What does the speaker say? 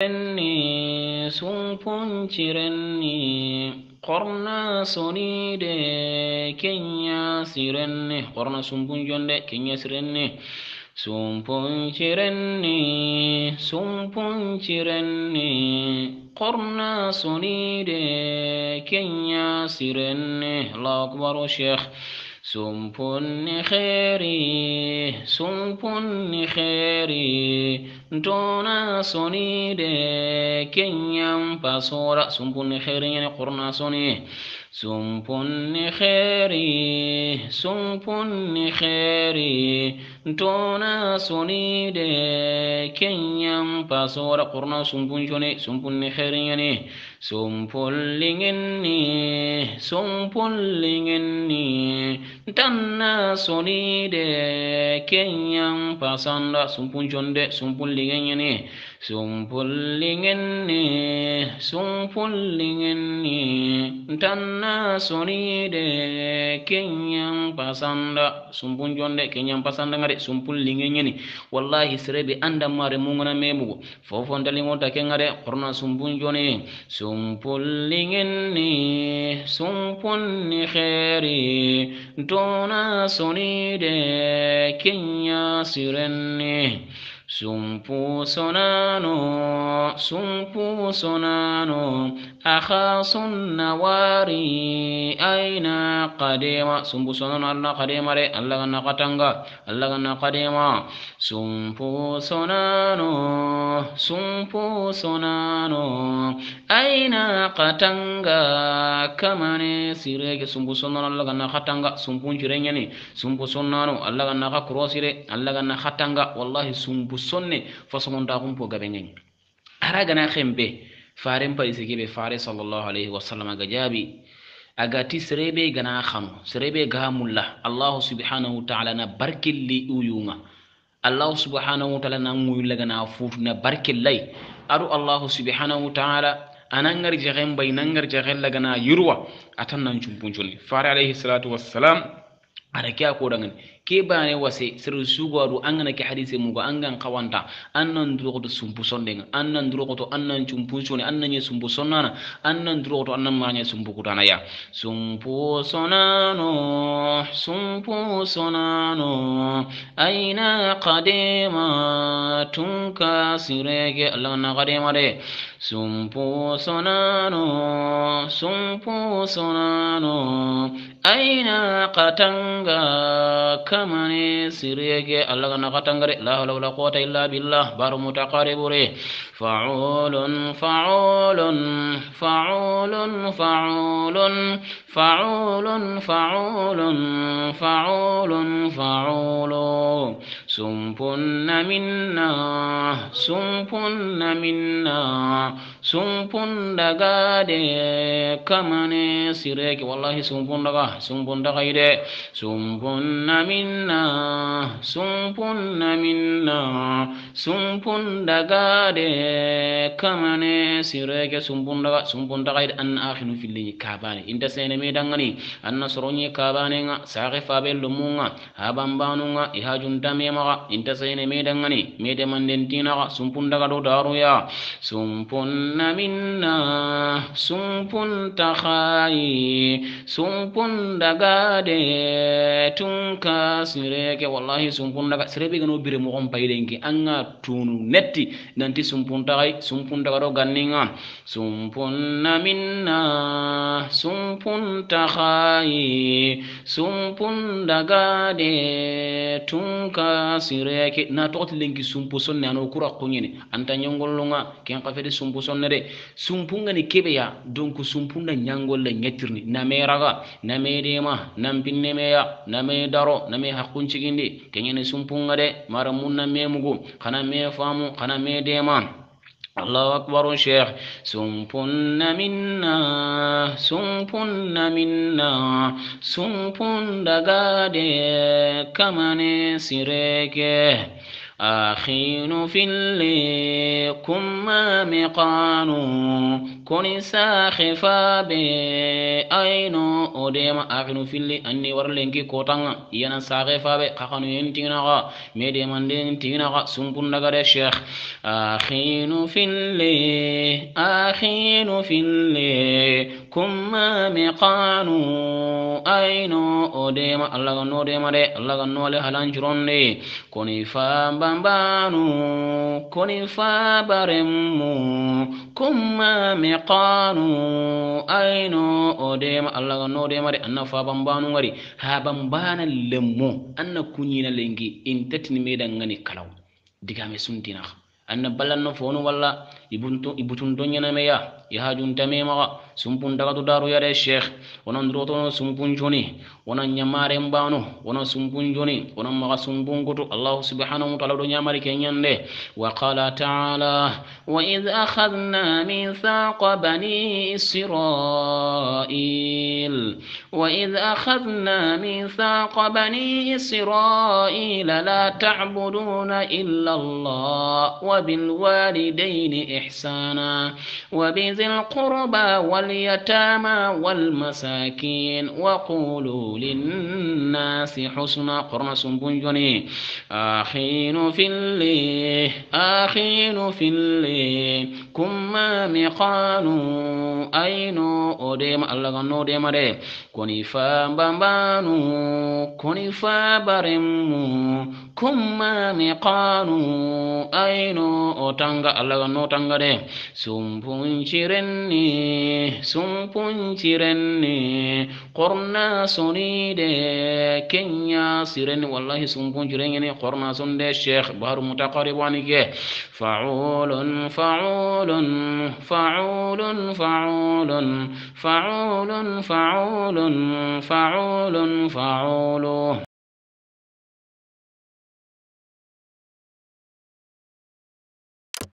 Jirenni suufuun jirenni qorna sonii de keenya sirenne qorna suufuun jonde keenya sirenne suufuun jirenni suufuun jirenni qorna sonii de keenya sirenne laakbaroo sheekh. sumpun kheri sumpun kheri ntona soni de kenyam pasora sumpun kheri yani qurna soni sumpun kheri sumpun kheri ntona soni de kenyam pasora qurna sumpun joni sumpun kheri yani sumpun lingenni sumpun lingenni tanna soni de kenyang pasanda sumpun jonde sumpun lingen ni sumpun lingen ni sumpun lingen ni tanna soni de kenyang pasanda sumpun jonde kenyang pasanda ngare sumpun lingen ni wallahi serebe anda mare mungana memu fofon dalingo ta kengare korna sumpun joni sumpun lingen ni sumpun ni khairi دون سنيد كن ياسرني سنفوسنانو سنفوسنانو أخاصن واري أين قديما سنفوسنانو الله قديما ري الله غنى قتنغا الله غنى قديما سنفوسنانو سنفوسنانو أين قتنغا كمان سيريك سنفوسنانو الله غنى قتنغا سنفوسنانو الله غنى قكروسيري الله غنى قتنغا والله سنفوسنانو sonne fasomondaxum po gaɓengen ara gana xen be faren parisegeɓe fare salallahu alayhi wasallam aga jaaɓi agati serebe gana xanu serebe gamulla allahu subhanahu wataala na barkelli uyunga allahu subhanahu wataala na ŋuyulla gana futu na barkellai aɗu allahu subhanahu wataala anangar jaxen bay nangar jaxen lagana yirwa atan nan cumpuncuni fare alayhi salatu wassalam arake a koɗangani kebane wase sere sugoaru angana ke hadise mugo angan kawanta annan durokoto sumpu sondega annan durokoto annan cumpu sone annane sumpu sonnana annan durokoto annan marane sumpu kutanaya sumpu sonano محسوب سنان أين قديمات كاسريك لن قديمة سمبو سنان سمبو سنان أين قتنغا كمن سريك لن قتنغ لا حول ولا قوة إلا بالله بار متقارب فعول فعول فعول فعول فعول فعول فعول فعول سمكن منا سمكن منا sumpundaga de kamane sireki wallahi sumpundaga sumpundaga yide sumpunna minna sumpunna minna sumpundaga de kamane sireke sumpundaga sumpundaga yide an ahinu filliñi kabane inta sene me dangani an na soroñi kabane nga saxe fabe lomu nga ha bambanu nga i ha juntamemaxa inta sene me dangani me demanden tinaxa sumpundaga do daruya sumpunna لتجدن منا سنبن تخاي سنبن دغادي تنكا سيريك والله سنبن دغا سيريك نو بير مغم بايدنكي أنا تونو نتي نانتي سنبن تخاي سنبن دغادو غنينا سنبن منا سنبن تخاي سنبن دغادي تنكا سيريك ناتوت لنكي سنبن سنة نو كورا قنيني أنت نيونغولونغا كين قفدي سنبن sonnere sumpunga ni keɓeya donc sumpunda ñangolle ñettirni name raga name dima nampinne meya name daro name hakkuncigindi keñene sumpunga de mara munna memugu xana me faamu xana me dema allahu akbar cheikh sumpunna minna sumpunna minna sumpun dagade kamane sireke آخين في الليكم ما مقانون كوني ساخفا بي أينو أديما أغنو فيلي أني ورلنكي كوتانا ينا ساخفا بي قاقنو ينتينغا ميدي من دينتينغا سنبون لغا شيخ أخينو فيلي أخينو فيلي كما مقانو أينو أديما الله غنو ديما دي الله غنو لي هلان جرون دي كوني فابانبانو كوني فابارمو kuma mi qanu aino odema allah ga nodemare anna fa bambanu ngari ha bambana lemmo anna kunyina lengi intatini meda ngani kalau digame suntina anna ballan no fonu walla ibunto ibutun donyana meya ya sumpun dagatu daru yare sheikh wonon durotono sumpun joni wonon nyamare mbano wonon sumpun joni wonon maga sumpun kutu allah subhanahu wa ta'ala do nyamari kenyande wa qala ta'ala wa idh akhadna mithaqa bani israil wa idh akhadna mithaqa bani israil la ta'buduna illa allah wa bil walidayni ihsana wa wal واليتامى والمساكين وقولوا للناس حسنا قرن سنبنجني آخين في الليل آخين في الليل كما مقانو أينو أديم ألغنو ديم دي كوني فابانو كوني فابرمو كما مقانو أينو أتنغ ألغنو تنغ دي سنبنجرني sun punjiranne qorna sonide kenya siren wallahi sun punjirengene qorna sonde sheikh baru mutaqaribanige faulun faulun faulun faulun faulun faulun faulun faulu